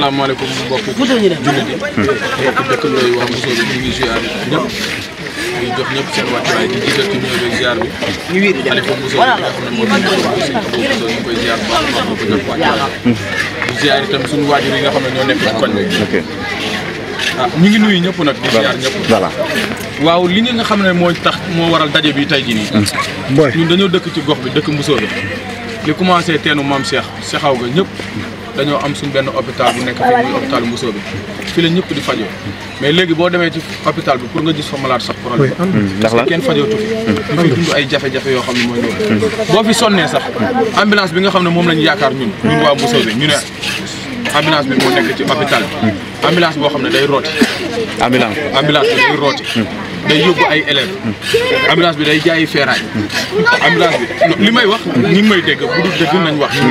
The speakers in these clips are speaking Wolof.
asalaamaaleykum mbokki jullit yi mbokki dëkk waa Moussa bi ñu ngi ziar ñëpp di jox ñëpp seen wàccuwaay di jiital ci ñëw beeg a baax ko jox wàccuwaay di ziar itam waajur yi nga xam ne ñoo nekk ci koñ bi ah ñu ngi nuyu ñëpp nag di ziar ñëpp voilà waaw li nga xam ne mooy tax moo waral daje bi tey jii nii mm. ñun dañoo dëkk ci gox bi dëkk Moussa bi li commencé teenu maam Cheikh Cheikhaw ga ñëpp dañoo am suñ benn hôpital bu nekk fii muy hôpital fii la ñëpp di fajoo mais léegi boo demee ci hôpital bi pour nga gis fa malade sax problème ndax la kenn fajootu fi mm. ñu fiy dund ay jafe-jafe yoo xam ne mooy loolu boo fi sonnee sax ambulance bi nga xam ne moom lañu yaakaar ñun ñun waa Mousso bi ñu ne ambulance bi moo nekk ci hôpital bi mm. ambulance boo xam ne day rooti ambulance ambulance bi day rooti mm. day yóbbu ay élèves ambulance bi day jaayi feeraay ambulance bi li may wax ñi may dégg bu dul dëgg nañ wax ñu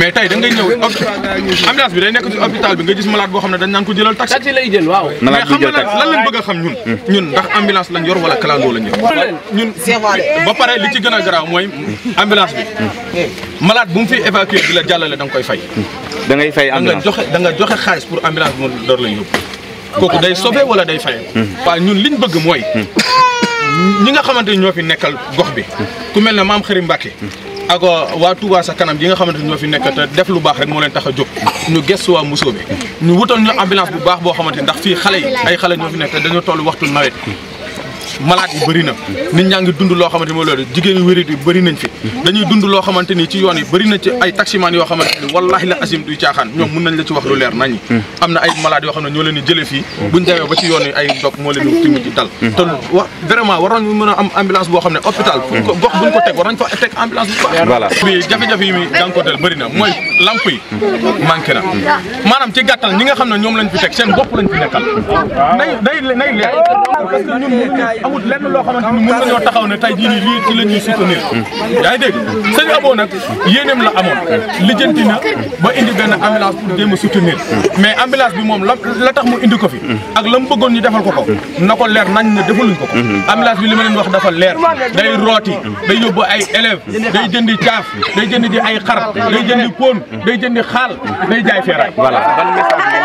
mais tey da nga ñëw ambulance bi day nekk ci hôpital bi nga gis malade boo xam ne dañ naan ko jëlal taxi. taxi lay jël waaw. mais xam lañ bëgg a xam ñun. ñun ndax ambulance lañ yor wala clando lañ yor. ñun ba pare li ci gën a garaaw mooy ambulance bi. malaat bu mu fi évacuer di la jàllale da nga koy fay. dangay fay ambulance da da nga joxe xaalis pour ambulance bi mu door la yóbbu. kooku day sauver wala day fay. Hmm. waaw ñun liñ bëgg mooy. Hmm. ñi nga xamante ni ñoo fi nekkal gox bi. ku mel ne maam Xarim Mbacke ak waa Touba sa kanam yi nga xamante ñoo fi nekk te def lu baax rek moo leen tax a jóg ñu gëstu waa Mboussobé ñu wutal ñu ambulance bu baax boo xamante ndax fii xale yi ay xale ñoo fi nekk te dañoo toll waxtu nawet malade yi bëri na nit ñaa ngi dund loo xamante mooy loolu jigéen yu wérit yi bëri nañ fi dañuy dund loo xamante ni ci yoon yi ci ay taximaan yoo xamante ni la asim duy caaxaan ñoom mun nañ hmm. dal hmm. te wax vraiment waroon ñu mën a am ambulance boo xam ne hôpital hmm. buñ ko gox ko teg war nañ fa teg ambulance bu baax bi jafe-jafe yi muy jànkonteel bëri na mooy lamp yi maanaam ci gàttal ñi nga xam ne ñoom lañ fi teg seen bopp lañ fi nekkal amul lenn loo xamante ni mën nañoo taxaw ne tey jii nii lii ci la ñuy soutenir. yaa ngi dégg sëñ Abo nag yéeneem la amoon indi benn ambulance pour jéem a mais ambulance bi moom la la tax mu indi ko fi ak la mu bëggoon ñu defal ko ko na ko leer nañ ne ko ko ambulance bi li ma leen wax dafa leer day rooti day yóbbu ay élèves day jëndi caaf day jëndi di ay xar day jëndi poon day jëndi xaal day jaay feeraay voilà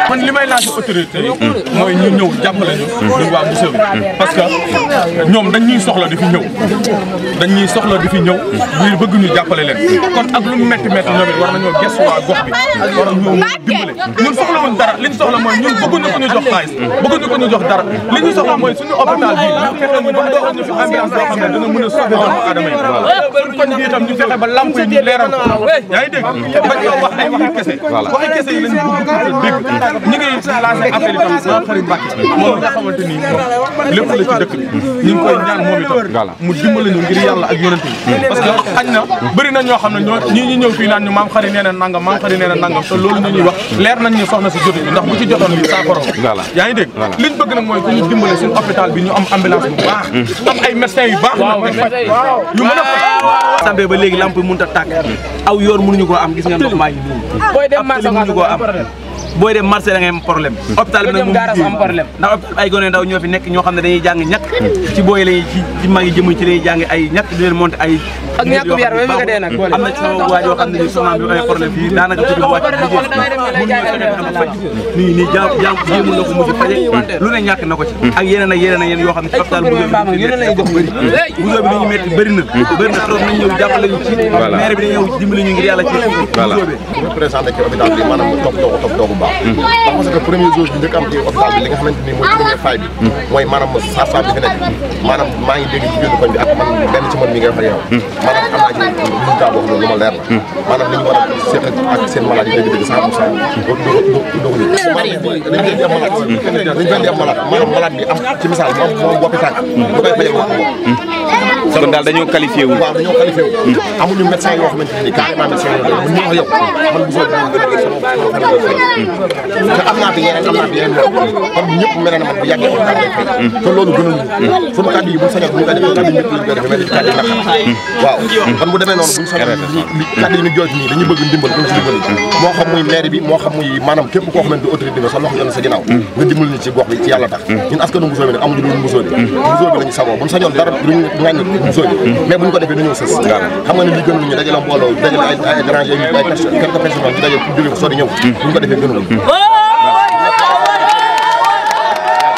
man li may laaj autorité yi mooy ñu ñëw jàppale ñu ñu waa Mboussobe parce que ñoom dañ ñuy soxla di fi ñëw dañ ñuy soxla di fi ñëw ñu bëgg ñu jàppale leen kon ak lu mu métti métti ñoom it war nañoo gëstu waa gox bi war nañoo li ñu soxla mooy ñun bëgguñu ko ñu jox xaalis bëgguñu ko ñu jox dara li ñu soxla mooy suñu hôpital bi ñu fexe ñu ba doxal ñu fi ambiance boo xam ne dina mën a sauver doomu aadama yi suñu koñ bi ñu fexe ba lamp yi ñu leeral ko yaa ngi dégg bañ a wax ay waxi kese waxi kese yi lañ bëgg dégg ñu ngi lancé appel itam xarit Mbacke moom nga xamante ni lépp la ci dëkk ñu koy ñaan moom itam mu dimbali ñu ngir yàlla ak yonent bi parce que na bëri na ñoo xam ne ñoo ñii ñëw fii naan ñu maam xari nee na maam xari nee na nangam loolu ñu ñuy wax leer nañ soxna si jotu ndax bu ci jotoon li saafara yaa ngi liñ bëgg nag mooy ku ñu dimbale suñu hôpital bi ñu am ambulance baax hmm. am ay médecins yu baax nag faj yu mën a faj sambe ba léegi lamp mënut a tàkk hmm. aw yoon mënuñu koo am gis nga ndox maa ngi nii am booy dem marché da ngay am problème hôpital bi nag moom ndax hôpital ay gone ndaw ñoo fi nekk ñoo xam ne dañuy jàng ñàkk ci booy lañuy ci mag yi jëmuñ ci lañuy jàng ay ñàkk di leen monter ay ak ñàkkub yar ba fekk dee nag. am na ci sama waay yoo xam ne nii soxnaam bi ay daanaka ci biir wàcc bi nii nii jàpp jàpp jéem na mu ci faje lu ne ñàkk na ko ci ak yeneen ak yeneen ak yeneen yoo xam ne ci hôpital Bousso bi Bousso bi ñu metti bëri na bëri na trop nañ ñëw jàppale ñu ci maire bi dañ ñëw dimbali ñu ngir yàlla ci ci hôpital bi maanaam topp doogu topp doogu baax parce ci hôpital bi li nga xamante ni mooy premier fay bi mooy maanaam sage-femme bi fi nekk maanaam maa ngi dégg jigéenu koñ bi ak man maanaam xam naa ci résultat boo xam ne lu ma leer la. Hmm. maanaam li ñu war a seq ak seen maladie dëgg-dëgg 100 hmm. di am malade. Hmm. dañ leen di am bi am ci bi am moom boppi tànk. kon daal dañoo qualifié wu. waaw dañoo qualifié wu. amuñu médecin yoo xamante ne carrément médecin yoo xam ne yow man bu soobee te am naa fi yeneen am naa fi yeneen yoo xam ñëpp mel na bu yàggee woon daal te loolu gënal ñu. sunu kàddu yi bu sañoon bu ñu dañoo kàddu ñëpp lañ koy defee mais dañu kàddu naqar. waaw kon bu demee noonu bu ñu sañoon li kàddu yi ñu jooytu nii dañuy bëgg ndimbal bu ñu si dimbali moo xam muy maire bi moo xam muy maanaam képp koo xamante autorité bi sa loxo yoon sa ginnaaw nga dimbali ñu ci gox bi ci yàlla tax ñun askanu Mbusoobe amuñu lu Mbusoobe Mbusoobe lañu saboo bu ñu sañoon dara duñu ŋàññi zone mais buñ ko defee dañoo sës xam nga ne li gënul ñu dajale mbooloo dajale ay ay dérange ay ay personnes quelques personnes ñu dajale pour jóge ko sori ñëw buñ ko defee gënul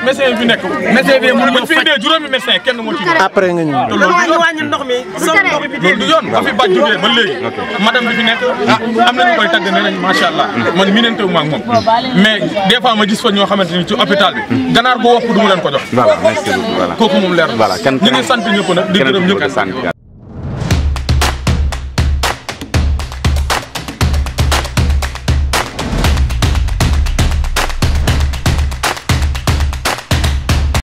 médecin bi nekk. médecin bi ma faj bu juróomi médecin kenn moo ci après nga ñëw. loolu du yoon wàññi ndox mi. loolu du yoon fi bàjj jógee ba léegi. madame bi fi nekk ah, am na ñu koy ne nañ macha allah. man mii neen ma moom. mais des ma gis fa ñoo ni ci hôpital bi. ganaar bu wax du mu leen ko jox. voilà merci moom leer na. voilà kenn ku ne ñu ngi sant ñëpp